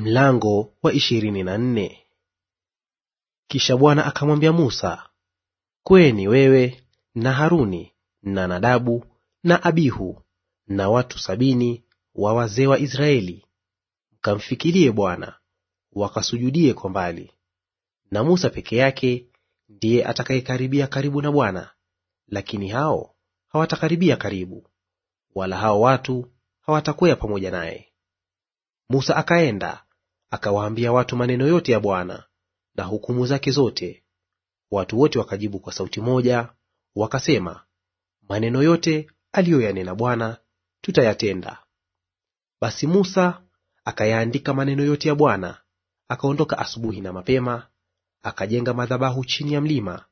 Mlango wa ishirini na nne. Kisha Bwana akamwambia Musa, kweni wewe na Haruni na Nadabu na Abihu na watu sabini wa wazee wa Israeli, mkamfikirie Bwana wakasujudie kwa mbali. Na Musa peke yake ndiye atakayekaribia karibu na Bwana, lakini hao hawatakaribia karibu, wala hao watu hawatakwea pamoja naye. Musa akaenda akawaambia watu maneno yote ya Bwana na hukumu zake zote. Watu wote wakajibu kwa sauti moja wakasema, maneno yote aliyoyanena Bwana tutayatenda. Basi Musa akayaandika maneno yote ya Bwana. Akaondoka asubuhi na mapema, akajenga madhabahu chini ya mlima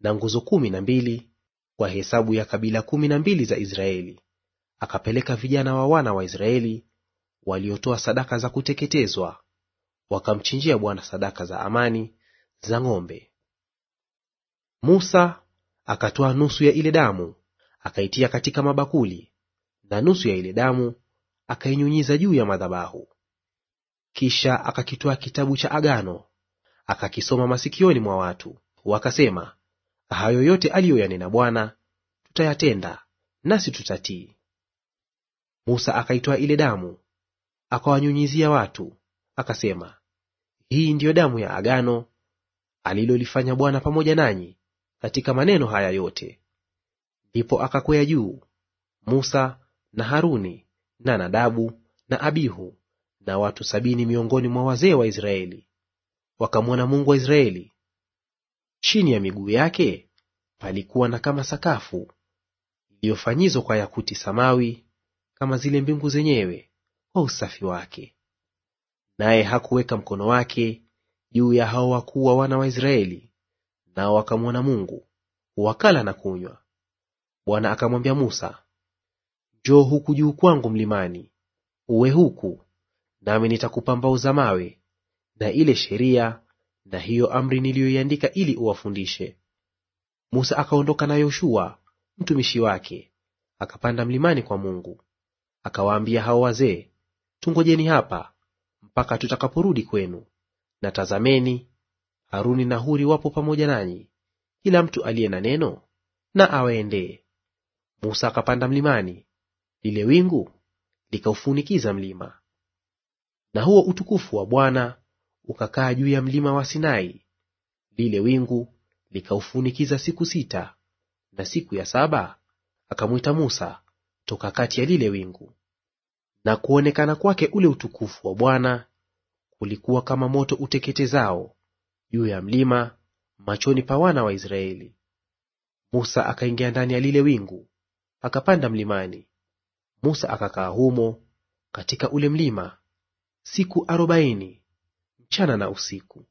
na nguzo kumi na mbili kwa hesabu ya kabila kumi na mbili za Israeli. Akapeleka vijana wa wana wa Israeli waliotoa sadaka za kuteketezwa wakamchinjia Bwana sadaka za amani za ng'ombe. Musa akatoa nusu ya ile damu akaitia katika mabakuli, na nusu ya ile damu akainyunyiza juu ya madhabahu. Kisha akakitoa kitabu cha agano akakisoma masikioni mwa watu, wakasema, hayo yote aliyoyanena Bwana tutayatenda, nasi tutatii. Musa akaitoa ile damu akawanyunyizia watu, akasema, hii ndiyo damu ya agano alilolifanya Bwana pamoja nanyi katika maneno haya yote. Ndipo akakwea juu Musa na Haruni na Nadabu na Abihu na watu sabini miongoni mwa wazee wa Israeli, wakamwona Mungu wa Israeli. Chini ya miguu yake palikuwa na kama sakafu iliyofanyizwa kwa yakuti samawi, kama zile mbingu zenyewe kwa usafi wake naye hakuweka mkono wake juu ya hao wakuu wa wana wa Israeli, nao wakamwona Mungu, wakala na kunywa. Bwana akamwambia Musa, njoo huku juu kwangu mlimani, uwe huku, nami nitakupa mbao za mawe na ile sheria na hiyo amri niliyoiandika ili uwafundishe. Musa akaondoka na Yoshua mtumishi wake akapanda mlimani kwa Mungu. Akawaambia hao wazee, tungojeni hapa mpaka tutakaporudi kwenu. Na tazameni, Haruni na Huri wapo pamoja nanyi; kila mtu aliye na neno na awaendee. Musa akapanda mlimani, lile wingu likaufunikiza mlima. Na huo utukufu wa Bwana ukakaa juu ya mlima wa Sinai, lile wingu likaufunikiza siku sita. Na siku ya saba akamwita Musa toka kati ya lile wingu, na kuonekana kwake ule utukufu wa Bwana kulikuwa kama moto uteketezao juu ya mlima machoni pa wana wa Israeli. Musa akaingia ndani ya lile wingu, akapanda mlimani. Musa akakaa humo katika ule mlima siku arobaini mchana na usiku.